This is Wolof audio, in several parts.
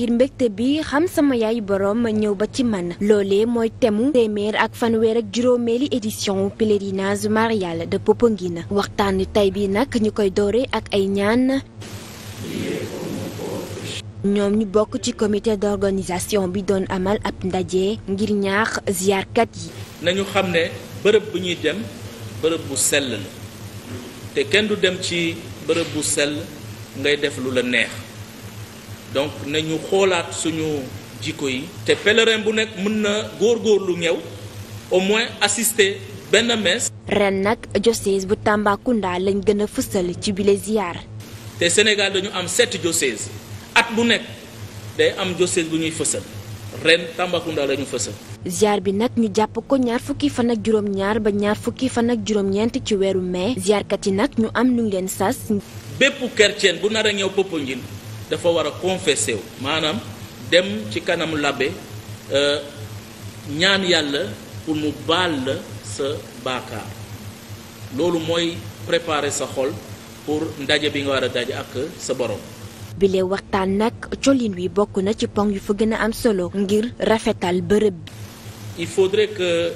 ngir mbégte bi xam sama yaay borom ñëw ba ci man loolee mooy temu téeméer ak fanweer ak juróomeeli édition pèlerinage marial de Popenguine waxtaan tey bi nag ñu koy doore ak ay ñaan ñoom ñu bokk ci comité d'organisation bi doon amal ab ndaje ngir ñaax ziarkat yi nañu xam ne bërëb bu ñuy dem bërëb bu sell la te kenn du dem ci bërëb bu sell ngay def lu la neex donc nañu xoolaat suñu jikko yi te pèlerin bu nekk mën na lu ñëw au moins assister benn messe. ren nag diocèse bu Tambacounda lañ gën a fësal ci bile ziar. te Sénégal dañu am sept diocèses at bu nekk day am diocèse bu ñuy fësal ren Tambacounda lañu fësal. ziar bi nag ñu jàpp ko ñaar fukki fan ak ñaar ba fan ak ci weeru mai. ziarkat yi nag ñu am nu ngi leen sas. bépp chrétien bu nar a ñëw Popenguine dafa war a confessé wu maanaam dem ci kanam labbe euh, ñaan yàlla pour mu baal la sa baakaar loolu mooy préparer sa xol pour ndaje bi nga war a daje ak sa borom. bile waxtaan nag colin wi bokk na ci ponk yu fa gën a am solo ngir rafetal bërëb. il faudrait que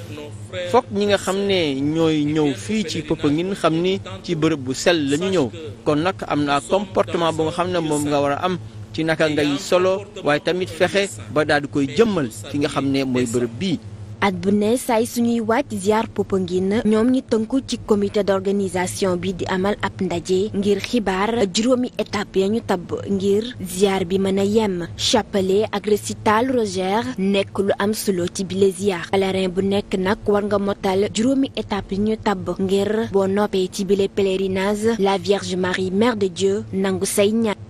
foog ñi nga xam ne ñooy ñëw fii ci ngi xam ni ci bërëb bu sell la ñu ñëw kon nag am naa comportement bu nga xam ne moom nga war a am ci naka ngay solo waaye tamit fexe ba daal di koy jëmmal fi nga xam ne mooy bërëb bii. at bu ne saay suñuy wàcc ziar Popenguine ñoom ñi tënku ci comité d'organisation bi di amal ab ndaje ngir xibaar juróomi étape ya ñu tabb ngir ziar bi mën a yem chapelet ak récital rosaire nekk lu am sulo ci bile ziar pèlerin bu nekk nag war nga motal juróomi étape yi ñu tabb ngir boo noppee ci bile pèlerinage la Vierge Marie Mère de Dieu nangu say ñaan